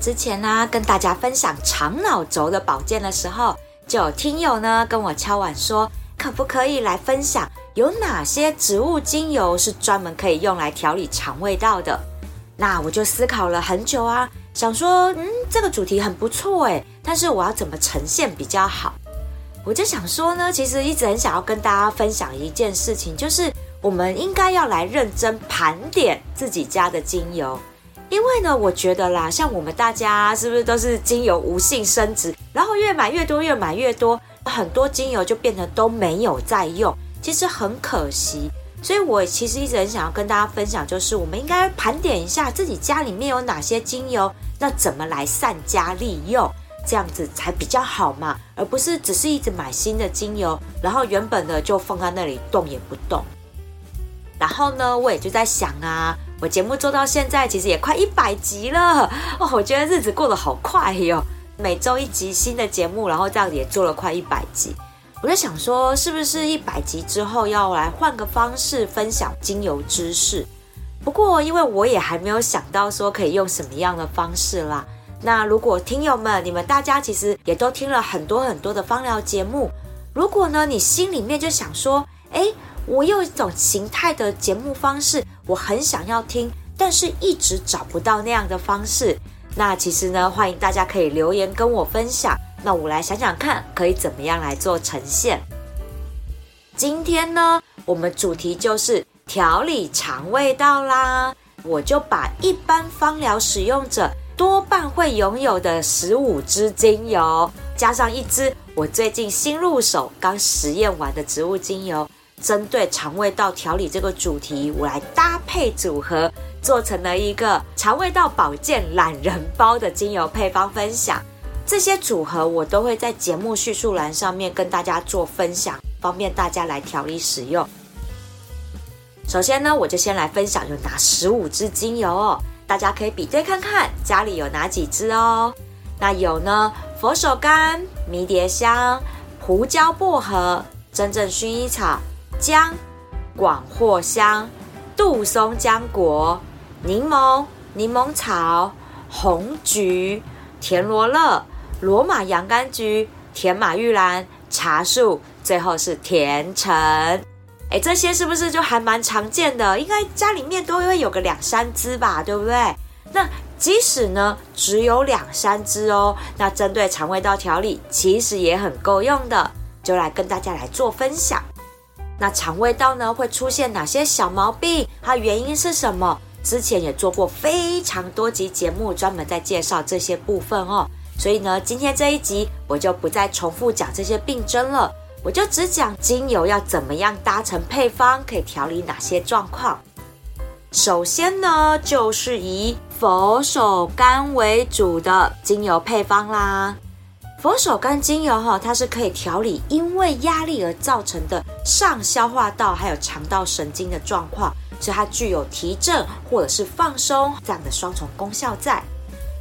之前呢、啊，跟大家分享長腦軸的保健的時候，就有聽友呢跟我敲碗說，可不可以來分享有哪些植物精油是專門可以用來調理腸胃道的？那我就思考了很久啊，想說，嗯，這個主題很不錯哎，但是我要怎麼呈現比較好？我就想說呢，其實一直很想要跟大家分享一件事情，就是我們應該要來認真盤點自己家的精油。因為呢，我覺得啦，像我們大家是不是都是精油無性生殖，然後越買越多，越買越多，很多精油就變成都沒有在用，其實很可惜。所以我其實一直很想要跟大家分享，就是我們應該盤點一下自己家裡面有哪些精油，那怎麼來善加利用，這樣子才比較好嘛，而不是只是一直買新的精油，然後原本的就放在那裡動也不動。然後呢，我也就在想啊。我節目做到現在，其實也快一百集了哦，我覺得日子過得好快喲、哦。每周一集新的節目，然後這樣也做了快一百集。我就想說，是不是一百集之後要來換個方式分享精油知識？不過，因為我也還沒有想到說可以用什麼樣的方式啦。那如果聽友們，你們大家其實也都聽了很多很多的芳療節目，如果呢，你心裡面就想說，欸，我有一種形態的節目方式。我很想要聽，但是一直找不到那樣的方式。那其實呢，歡迎大家可以留言跟我分享。那我來想想看，可以怎麼樣來做呈現？今天呢，我們主題就是調理腸胃道啦。我就把一般芳療使用者多半會擁有的十五支精油，加上一支我最近新入手、剛實驗完的植物精油。針對腸胃道調理這個主題，我來搭配組合，做成了一個腸胃道保健懶人包的精油配方分享。這些組合我都會在節目敘述欄上面跟大家做分享，方便大家來調理使用。首先呢，我就先來分享，有哪十五支精油哦，大家可以比對看看家裡有哪幾支哦。那有呢，佛手柑、迷迭香、胡椒薄荷、真正薰衣草。薑、廣藿香、杜松漿果、檸檬、檸檬草、紅桔、甜羅勒、羅馬洋甘菊、甜馬鬱蘭、茶樹，最後是甜橙。哎，這些是不是就還蠻常見的？應該家裡面都會有個兩三支吧，對不對？那即使呢只有兩三支哦，那針對腸胃道調理其實也很夠用的，就來跟大家來做分享。那腸胃道呢，會出現哪些小毛病？它原因是什麼？之前也做過非常多集節目，專門在介紹這些部分哦。所以呢，今天這一集我就不再重複講這些病症了，我就只講精油要怎麼樣搭成配方，可以調理哪些狀況。首先呢，就是以佛手柑為主的精油配方啦。佛手柑精油哈，它是可以調理因為壓力而造成的上消化道還有腸道神經的狀況，所以它具有提振或者是放鬆這樣的雙重功效在。在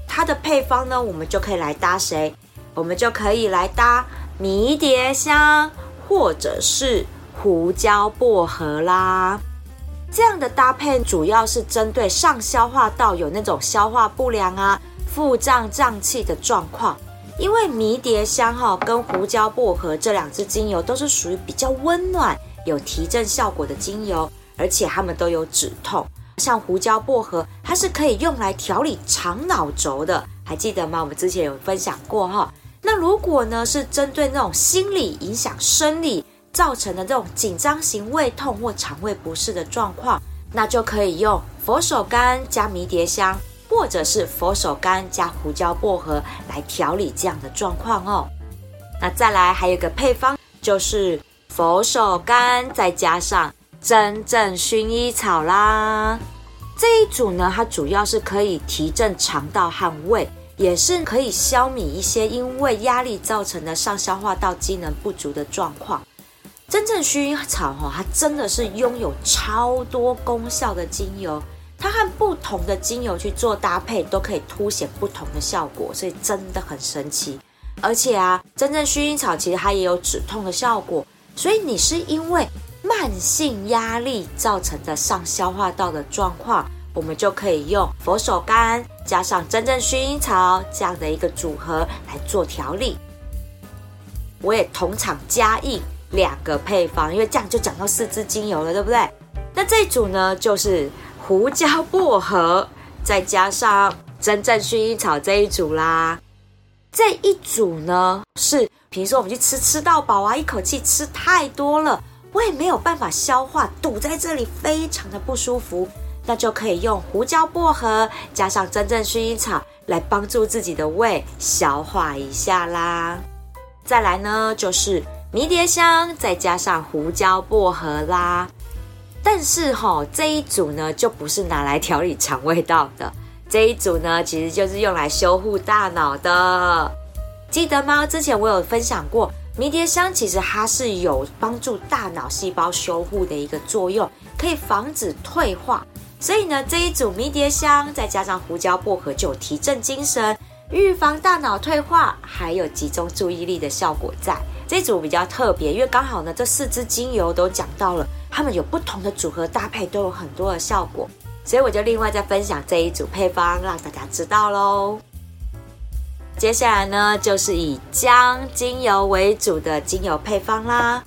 它的配方呢，我們就可以來搭誰？我們就可以來搭迷迭香或者是胡椒薄荷啦。這樣的搭配主要是針對上消化道有那種消化不良啊、腹脹脹氣的狀況。因為迷迭香哈、哦、跟胡椒薄荷這兩支精油都是屬於比較溫暖、有提振效果的精油，而且它們都有止痛。像胡椒薄荷，它是可以用來調理腸腦軸的，還記得嗎？我們之前有分享過哈、哦。那如果呢是針對那種心理影響生理造成的這種緊張型胃痛或腸胃不適的狀況，那就可以用佛手柑加迷迭香。或者是佛手柑加胡椒薄荷來調理這樣的狀況哦。那再來還有個配方，就是佛手柑再加上真正薰衣草啦。這一組呢，它主要是可以提振腸道和胃，也是可以消弭一些因為壓力造成的上消化道機能不足的狀況。真正薰衣草哈、哦，它真的是擁有超多功效的精油。它和不同的精油去做搭配，都可以凸顯不同的效果，所以真的很神奇。而且啊，真正薰衣草其實它也有止痛的效果，所以你是因為慢性壓力造成的上消化道的狀況，我們就可以用佛手柑加上真正薰衣草這樣的一個組合來做調理。我也同場加映兩個配方，因為這樣就講到四支精油了，對不對？那這組呢，就是。胡椒薄荷，再加上真正薰衣草這一組啦。這一組呢，是平時我們去吃吃到飽啊，一口氣吃太多了，胃沒有辦法消化，堵在這裡非常的不舒服，那就可以用胡椒薄荷加上真正薰衣草來幫助自己的胃消化一下啦。再來呢，就是迷迭香再加上胡椒薄荷啦。但是吼，這一組呢，就不是拿來調理腸胃道的，這一組呢，其實就是用來修護大腦的。記得嗎？之前我有分享過，迷迭香其實它是有幫助大腦細胞修護的一個作用，可以防止退化。所以呢，這一組迷迭香再加上胡椒薄荷，就有提振精神、預防大腦退化還有集中注意力的效果在。在這組比較特別，因為剛好呢，這四支精油都講到了。他們有不同的組合搭配，都有很多的效果，所以我就另外再分享這一組配方，讓大家知道嘍。接下來呢，就是以薑精油為主的精油配方啦。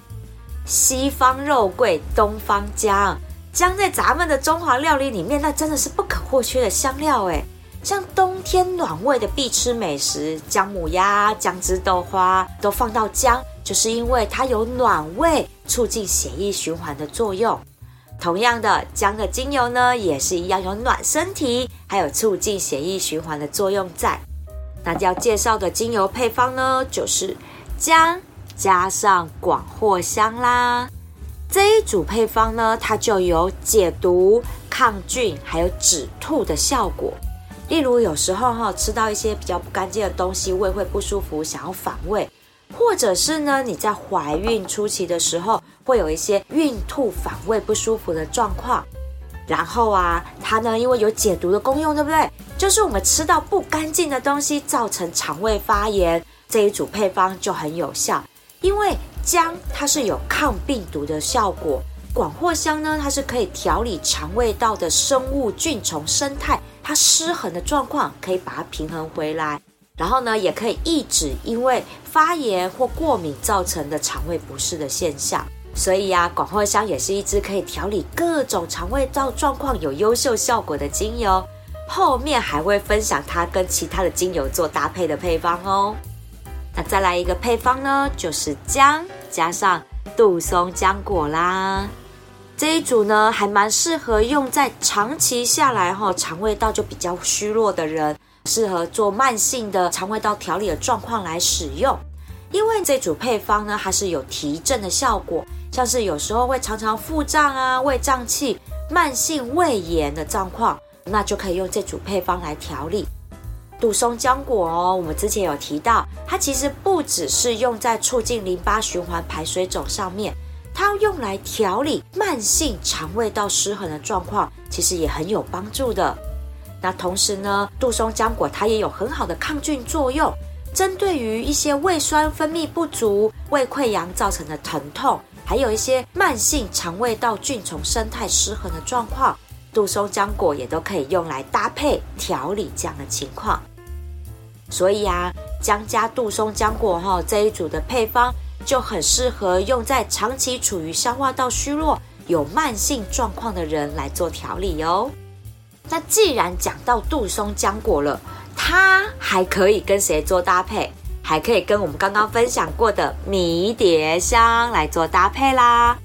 西方肉桂，東方薑，薑在咱們的中華料理裡面，那真的是不可或缺的香料哎，像冬天暖胃的必吃美食，薑母鴨、薑汁豆花，都放到薑，就是因為它有暖胃，促進血液循環的作用，同樣的，薑的精油呢，也是一樣有暖身體，還有促進血液循環的作用在。那要介紹的精油配方呢，就是薑加上廣藿香啦。這一組配方呢，它就有解毒、抗菌，還有止吐的效果。例如，有時候哈吃到一些比較不乾淨的東西，胃會不舒服，想要反胃。或者是呢，你在懷孕初期的時候，會有一些孕吐、反胃、不舒服的狀況。然後啊，它呢，因為有解毒的功用，對不對？就是我們吃到不乾淨的東西，造成腸胃發炎，這一組配方就很有效。因為薑它是有抗病毒的效果，廣藿香呢，它是可以調理腸胃道的生物菌叢生態，它失衡的狀況可以把它平衡回來。然後呢，也可以抑制因為發炎或過敏造成的腸胃不適的現象。所以呀、啊，廣藿香也是一支可以調理各種腸胃道狀況有優秀效果的精油。後面還會分享它跟其他的精油做搭配的配方哦。那再來一個配方呢，就是薑加上杜松漿果啦。這一組呢，還蠻適合用在長期下來後腸胃道就比較虛弱的人。適合做慢性的腸胃道調理的狀況來使用，因為這組配方呢，它是有提振的效果，像是有時候會常常腹脹啊、胃脹氣、慢性胃炎的狀況，那就可以用這組配方來調理。杜松漿果哦，我們之前有提到，它其實不只是用在促進淋巴循環、排水腫上面，它用來調理慢性腸胃道失衡的狀況，其實也很有幫助的。那同時呢，杜松漿果它也有很好的抗菌作用，針對於一些胃酸分泌不足、胃潰瘍造成的疼痛，還有一些慢性腸胃道菌叢生態失衡的狀況，杜松漿果也都可以用來搭配調理這樣的情況。所以啊，薑加杜松漿果哈、哦、這一組的配方就很適合用在長期處於消化道虛弱、有慢性狀況的人來做調理喲、哦。那既然講到杜松漿果了，它還可以跟誰做搭配？還可以跟我們剛剛分享過的迷迭香來做搭配啦。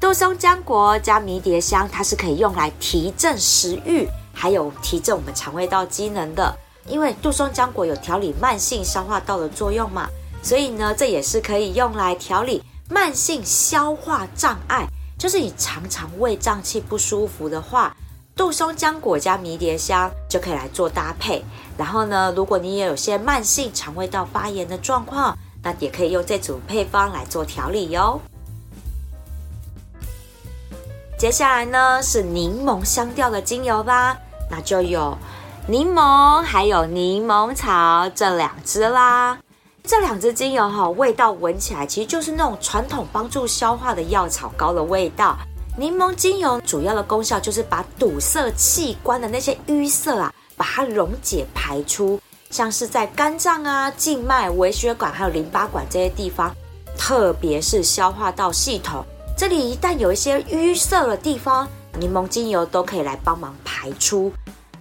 杜松漿果加迷迭香，它是可以用來提振食慾，還有提振我們腸胃道機能的。因為杜松漿果有調理慢性消化道的作用嘛，所以呢，這也是可以用來調理慢性消化障礙。就是你常常胃脹氣不舒服的話。杜松漿果加迷迭香就可以來做搭配，然後呢，如果你也有些慢性腸胃道發炎的狀況，那也可以用這組配方來做調理喲。接下來呢是檸檬香調的精油吧？那就有檸檬還有檸檬草這兩支啦。這兩支精油哈、哦，味道聞起來其實就是那種傳統幫助消化的藥草膏的味道。檸檬精油主要的功效就是把堵塞器官的那些淤塞啊，把它溶解排出，像是在肝臟啊、靜脈、微血管還有淋巴管這些地方，特別是消化道系統，這裡一旦有一些淤塞的地方，檸檬精油都可以來幫忙排出。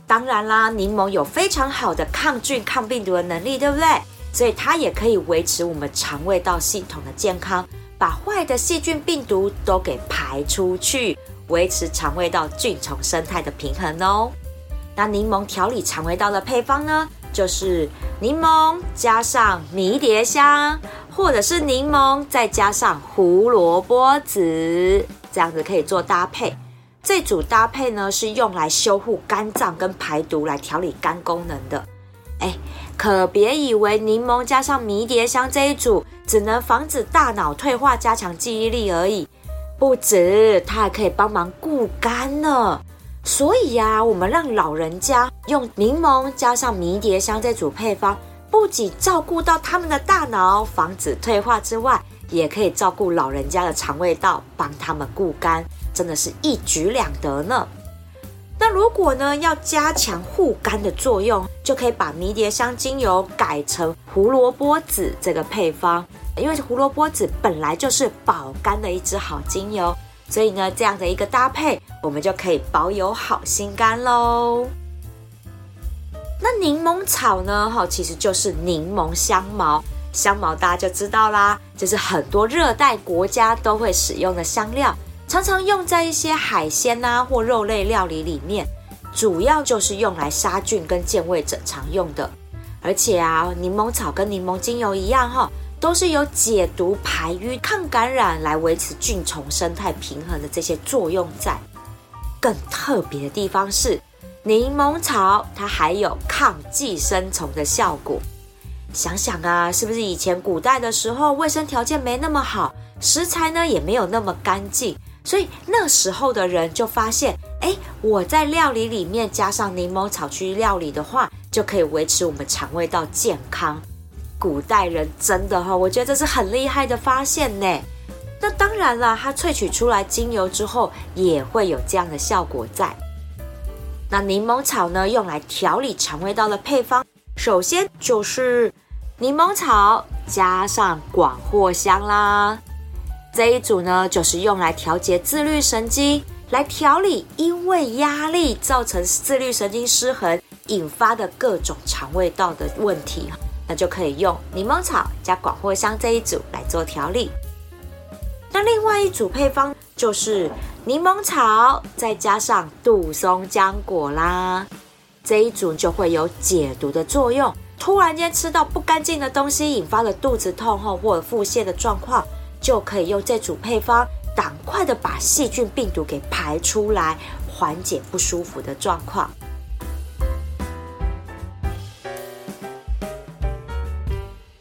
當然啦，檸檬有非常好的抗菌抗病毒的能力，對不對？所以它也可以維持我們腸胃道系統的健康。把壞的細菌、病毒都給排出去，維持腸胃道菌叢生態的平衡哦。那檸檬調理腸胃道的配方呢，就是檸檬加上迷迭香，或者是檸檬再加上胡蘿蔔籽，這樣子可以做搭配。這組搭配呢，是用來修護肝臟跟排毒，來調理肝功能的。哎、欸，可別以為檸檬加上迷迭香這一組。只能防止大腦退化，加強記憶力而已，不止，它還可以幫忙顧肝呢。所以呀，啊，我們讓老人家用檸檬加上迷迭香這組配方，不僅照顧到他們的大腦，防止退化之外，也可以照顧老人家的腸胃道，幫他們顧肝，真的是一舉兩得呢。那如果呢，要加強護肝的作用，就可以把迷迭香精油改成胡蘿蔔籽這個配方，因為胡蘿蔔籽本來就是保肝的一支好精油，所以呢，這樣的一個搭配，我們就可以保有好心肝嘍。那檸檬草呢？哈，其實就是檸檬香茅，香茅大家就知道啦，就是很多熱帶國家都會使用的香料。常常用在一些海鮮啊或肉類料理裡面，主要就是用來殺菌跟健胃，整常用的。而且啊，檸檬草跟檸檬精油一樣，哦，哈，都是有解毒、排瘀、抗感染，來維持菌蟲生態平衡的這些作用在。更特別的地方是，檸檬草它還有抗寄生蟲的效果。想想啊，是不是以前古代的時候，衛生條件沒那麼好，食材呢也沒有那麼乾淨？所以那時候的人就發現，哎，我在料理裡面加上檸檬草去料理的話，就可以維持我們腸胃道健康。古代人真的哈、哦，我覺得這是很厲害的發現呢。那當然啦，它萃取出來精油之後，也會有這樣的效果在。那檸檬草呢，用來調理腸胃道的配方，首先就是檸檬草加上廣藿香啦。這一組呢，就是用來調節自律神經，來調理因為壓力造成自律神經失衡引發的各種腸胃道的問題。那就可以用檸檬草加廣藿香這一組來做調理。那另外一組配方就是檸檬草再加上杜松漿果啦，這一組就會有解毒的作用。突然間吃到不乾淨的東西，引發了肚子痛後或腹瀉的狀況。就可以用這組配方，趕快的把細菌病毒給排出來，緩解不舒服的狀況。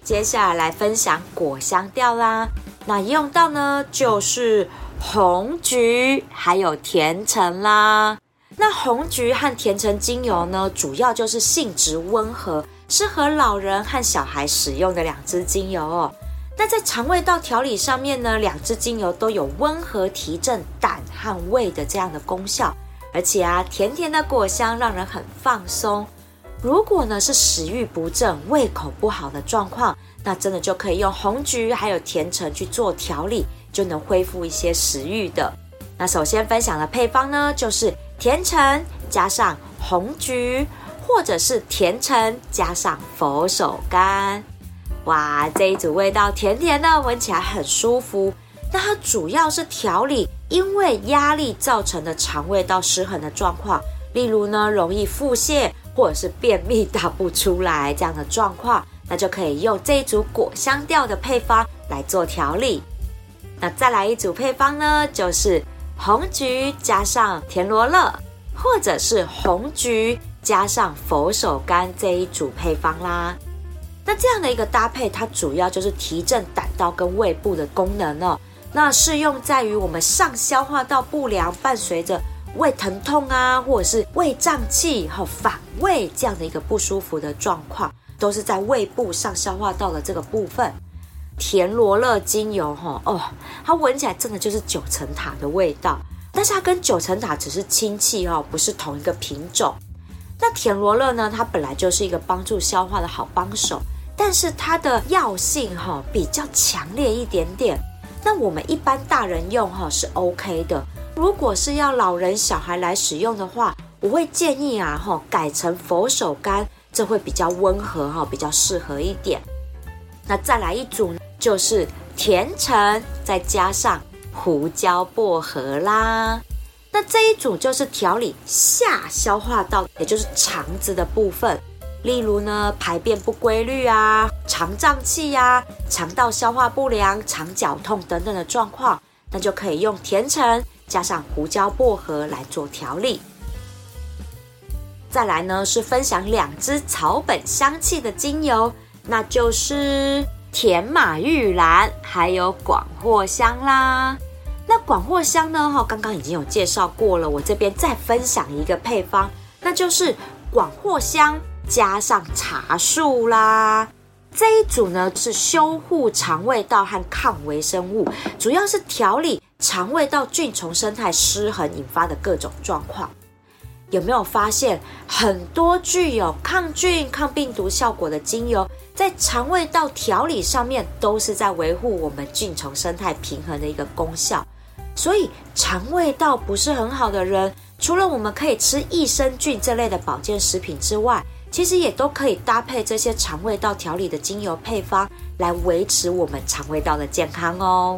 接下來，來分享果香調啦，那用到呢就是紅橘還有甜橙啦。那紅橘和甜橙精油呢，主要就是性質溫和，適合老人和小孩使用的兩支精油哦。那在腸胃道調理上面呢，兩支精油都有溫和提振膽和胃的這樣的功效，而且啊，甜甜的果香讓人很放鬆。如果呢是食欲不振、胃口不好的狀況，那真的就可以用紅桔還有甜橙去做調理，就能恢復一些食欲的。那首先分享的配方呢，就是甜橙加上紅桔，或者是甜橙加上佛手柑。哇，這一組味道甜甜的，聞起來很舒服。那它主要是調理因為壓力造成的腸胃道失衡的狀況，例如呢，容易腹瀉或者是便秘打不出來這樣的狀況，那就可以用這一組果香調的配方來做調理。那再來一組配方呢，就是紅桔加上甜羅勒，或者是紅桔加上佛手柑這一組配方啦。那這樣的一個搭配，它主要就是提振膽道跟胃部的功能哦。那適用在於我們上消化道不良，伴隨着胃疼痛啊，或者是胃脹氣、哦、反胃這樣的一個不舒服的狀況，都是在胃部上消化道的這個部分。甜羅勒精油哈哦，哦，它聞起來真的就是九層塔的味道，但是它跟九層塔只是親戚哦，不是同一個品種。那甜羅勒呢，它本來就是一個幫助消化的好幫手。但是它的藥性哈、哦、比較強烈一點點，那我們一般大人用哈、哦、是 OK 的。如果是要老人小孩來使用的話，我會建議啊哈、哦、改成佛手柑，這會比較溫和哈、哦，比較適合一點。那再來一組就是甜橙再加上胡椒薄荷啦，那這一組就是調理下消化道，也就是腸子的部分。例如呢，排便不規律啊，腸脹氣呀，腸道消化不良、腸絞痛等等的狀況，那就可以用甜橙加上胡椒薄荷來做調理。再來呢，是分享兩支草本香氣的精油，那就是甜馬鬱蘭還有廣藿香啦。那廣藿香呢，哈、哦，剛剛已經有介紹過了，我這邊再分享一個配方，那就是廣藿香。加上茶樹啦，這一組呢，是修護腸胃道和抗微生物，主要是調理腸胃道菌叢生態失衡引發的各種狀況。有沒有發現，很多具有抗菌、抗病毒效果的精油，在腸胃道調理上面都是在維護我們菌叢生態平衡的一個功效。所以，腸胃道不是很好的人，除了我們可以吃益生菌這類的保健食品之外，其實也都可以搭配這些腸胃道調理的精油配方來維持我們腸胃道的健康哦。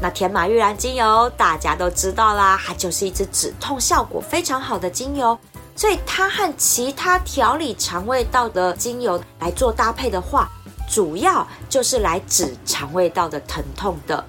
那甜馬鬱蘭精油大家都知道啦，它就是一支止痛效果非常好的精油，所以它和其他調理腸胃道的精油來做搭配的話，主要就是來止腸胃道的疼痛的。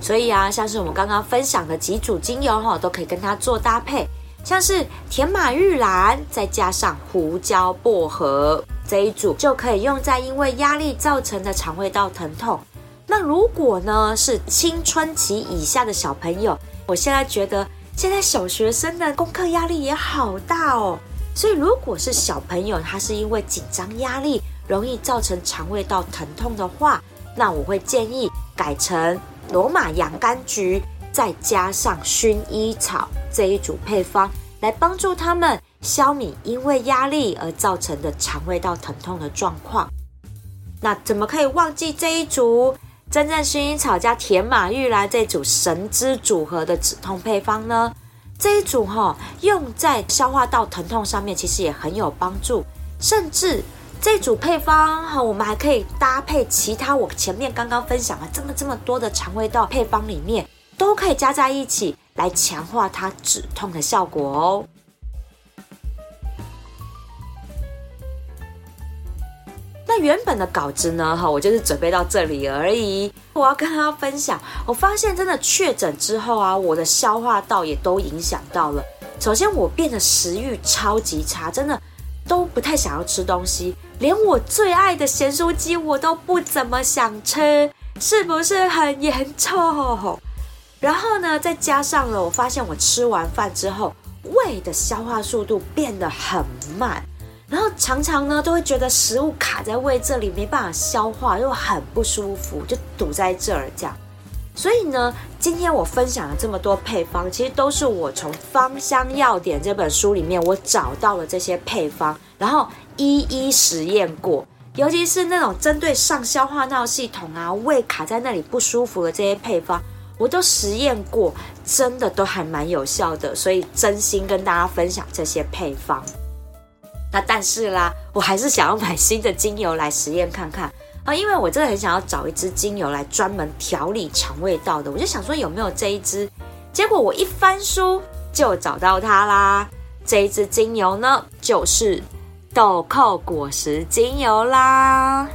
所以啊，像是我們剛剛分享的幾組精油哈，都可以跟它做搭配。像是甜馬鬱蘭，再加上胡椒薄荷這一組，就可以用在因為壓力造成的腸胃道疼痛。那如果呢是青春期以下的小朋友，我現在覺得現在小學生的功課壓力也好大哦，所以如果是小朋友他是因為緊張壓力容易造成腸胃道疼痛的話，那我會建議改成羅馬洋甘菊。再加上薰衣草這一組配方，來幫助他們消弭因為壓力而造成的腸胃道疼痛的狀況。那怎麼可以忘記這一組真正薰衣草加甜馬鬱蘭這組神之組合的止痛配方呢？這一組哈、哦，用在消化道疼痛上面其實也很有幫助。甚至這組配方哈，我們還可以搭配其他我前面剛剛分享了這麼這麼多的腸胃道配方裡面。都可以加在一起來強化它止痛的效果哦。那原本的稿子呢，哈，我就是準備到這裡而已。我要跟大家分享，我發現真的確診之後啊，我的消化道也都影響到了。首先，我變得食慾超級差，真的都不太想要吃東西，連我最愛的鹹酥雞我都不怎麼想吃，是不是很嚴重？然後呢，再加上了，我發現我吃完飯之後，胃的消化速度變得很慢，然後常常呢都會覺得食物卡在胃這裡，沒辦法消化，又很不舒服，就堵在這兒這樣。所以呢，今天我分享了這麼多配方，其實都是我從《芳香藥典》這本書裡面我找到了這些配方，然後一一實驗過，尤其是那種針對上消化道系統啊，胃卡在那裡不舒服的這些配方。我都實驗過，真的都還蠻有效的，所以真心跟大家分享這些配方。那但是啦，我還是想要買新的精油來實驗看看啊，因為我真的很想要找一支精油來專門調理腸胃道的，我就想說有沒有這一支，結果我一翻書就找到它啦。這一支精油呢，就是豆蔻果實精油啦。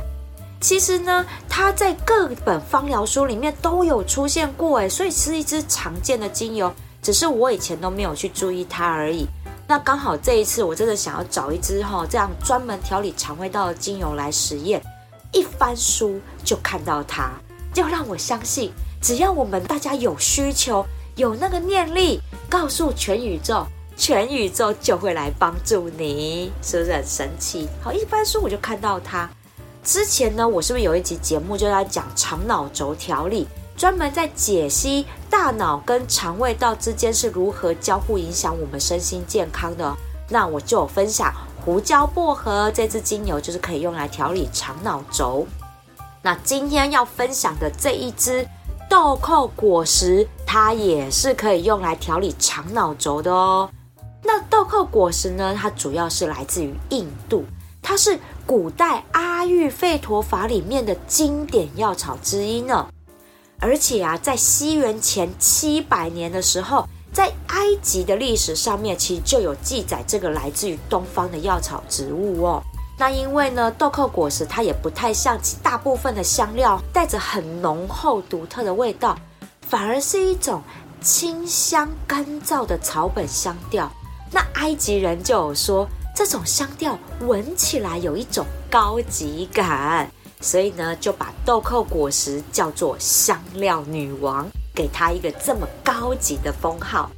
其實呢，它在各本芳療書裡面都有出現過，哎，所以是一支常見的精油，只是我以前都沒有去注意它而已。那剛好這一次我真的想要找一支哈、哦、這樣專門調理腸胃道的精油來實驗，一翻書就看到它，要讓我相信，只要我們大家有需求，有那個念力，告訴全宇宙，全宇宙就會來幫助你，是不是很神奇？好，一翻書我就看到它。之前呢，我是不是有一集節目就在講腸腦軸調理，專門在解析大腦跟腸胃道之間是如何交互影響我們身心健康的？那我就分享胡椒薄荷這支精油，就是可以用來調理腸腦軸。那今天要分享的這一支豆蔻果實，它也是可以用來調理腸腦軸的哦。那豆蔻果實呢，它主要是來自於印度，它是，古代阿育吠陀法裡面的經典藥草之一呢，而且啊，在西元前七百年的時候，在埃及的歷史上面，其實就有記載這個來自於東方的藥草植物哦。那因為呢，豆蔻果實它也不太像大部分的香料，帶着很濃厚獨特的味道，反而是一種清香乾燥的草本香調。那埃及人就有說。這種香調聞起來有一種高級感，所以呢，就把豆蔻果實叫做香料女王，給它一個這麼高級的封號。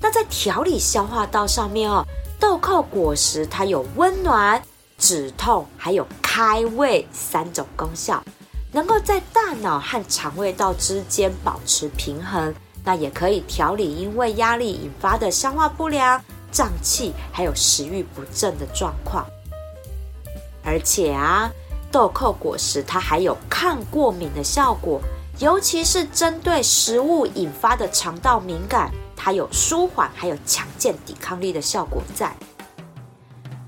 那在調理消化道上面哦，豆蔻果實它有溫暖、止痛，還有開胃三種功效，能夠在大腦和腸胃道之間保持平衡。那也可以調理因為壓力引發的消化不良。脹氣，還有食欲不振的狀況。而且啊，豆蔻果實它還有抗過敏的效果，尤其是針對食物引發的腸道敏感，它有舒緩還有強健抵抗力的效果在。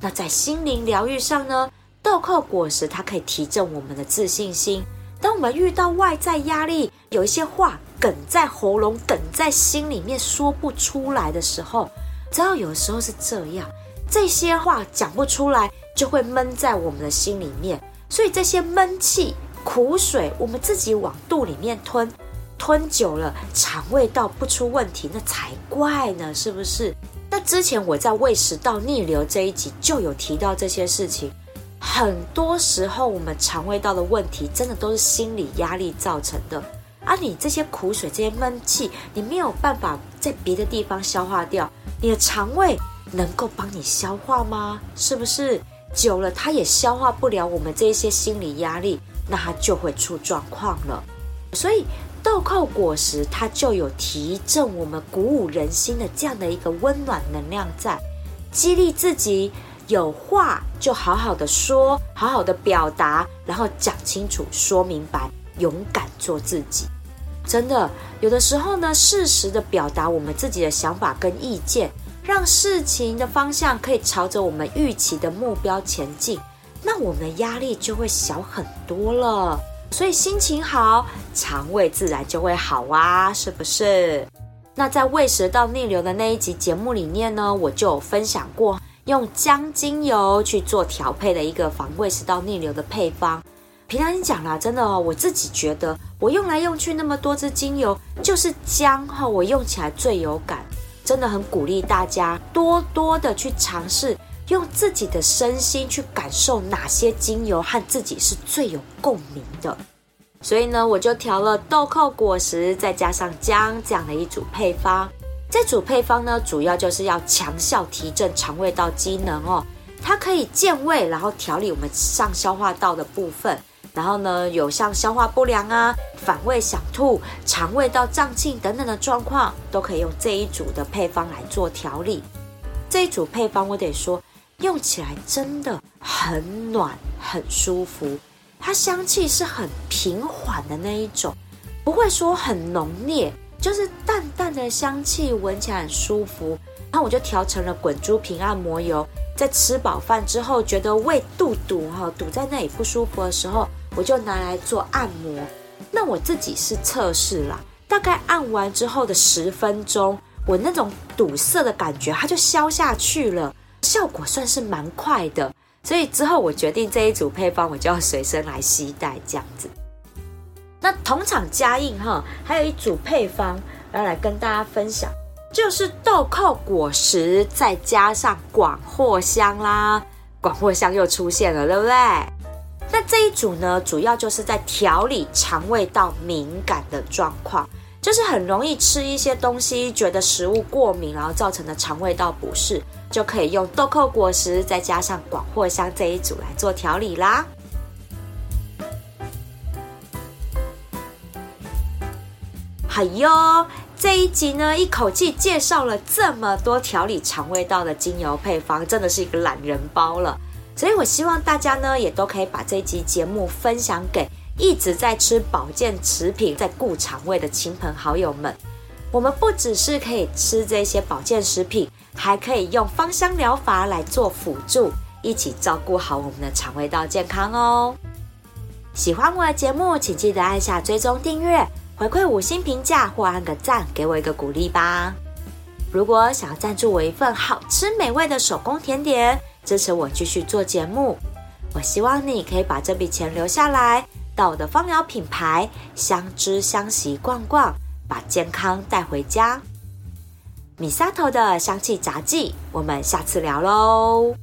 那在心靈療癒上呢，豆蔻果實它可以提振我們的自信心。當我們遇到外在壓力，有一些話梗在喉嚨、梗在心裡面說不出來的時候。知道有時候是這樣，這些話講不出來，就會悶在我們的心裡面。所以這些悶氣、苦水，我們自己往肚裡面吞，吞久了，腸胃道不出問題，那才怪呢，是不是？那之前我在胃食道逆流這一集就有提到這些事情。很多時候，我們腸胃道的問題，真的都是心理壓力造成的。啊，你這些苦水、這些悶氣，你沒有辦法在別的地方消化掉。你的腸胃能夠幫你消化嗎？是不是？久了它也消化不了我們這些心理壓力，那它就會出狀況了。所以，豆蔻果實它就有提振我們、鼓舞人心的這樣的一個溫暖能量，在激勵自己，有話就好好的說，好好的表達，然後講清楚、說明白。勇敢做自己，真的有的時候呢，適時的表達我們自己的想法跟意見，讓事情的方向可以朝着我們預期的目標前進，那我們的壓力就會小很多了。所以心情好，腸胃自然就會好啊，是不是？那在胃食道逆流的那一集節目裡面呢，我就有分享過用薑精油去做調配的一個防胃食道逆流的配方。平常你講啦，真的哦，我自己覺得我用來用去那麼多支精油，就是薑，哦，我用起來最有感，真的很鼓勵大家多多的去嘗試，用自己的身心去感受哪些精油和自己是最有共鳴的。所以呢，我就調了豆蔻果實再加上薑這樣的一組配方。這組配方呢，主要就是要強效提振腸胃道機能哦，它可以健胃，然後調理我們上消化道的部分。然後呢，有像消化不良啊、反胃、想吐、腸胃道脹氣等等的狀況，都可以用這一組的配方來做調理。這一組配方我得說，用起來真的很暖、很舒服，它香氣是很平緩的那一種，不會說很濃烈，就是淡淡的香氣，聞起來很舒服。然後我就調成了滾珠瓶按摩油，在吃飽飯之後覺得胃肚堵哈、哦，堵在那裡不舒服的時候。我就拿來做按摩，那我自己是測試啦，大概按完之後的十分鐘，我那種堵塞的感覺它就消下去了，效果算是蠻快的。所以之後我決定這一組配方我就要隨身來攜帶這樣子。那同場加映哈，還有一組配方要來跟大家分享，就是豆蔻果實再加上廣藿香啦，廣藿香又出現了，對不對？那這一組呢，主要就是在調理腸胃道敏感的狀況，就是很容易吃一些東西，覺得食物過敏，然後造成的腸胃道不適，就可以用豆蔻果實再加上廣藿香這一組來做調理啦。哎喲，這一集呢，一口氣介紹了這麼多調理腸胃道的精油配方，真的是一個懶人包了。所以，我希望大家呢，也都可以把這集節目分享給一直在吃保健食品、在顧腸胃的親朋好友們。我們不只是可以吃這些保健食品，還可以用芳香療法來做輔助，一起照顧好我們的腸胃道健康哦。喜歡我的節目，請記得按下追蹤訂閱、回饋五星評價或按個讚，給我一個鼓勵吧。如果想要贊助我一份好吃美味的手工甜點，支持我繼續做節目，我希望你可以把這筆錢留下來，到我的芳療品牌香知香息逛逛，把健康帶回家。米沙頭的香氣雜記，我們下次聊嘍。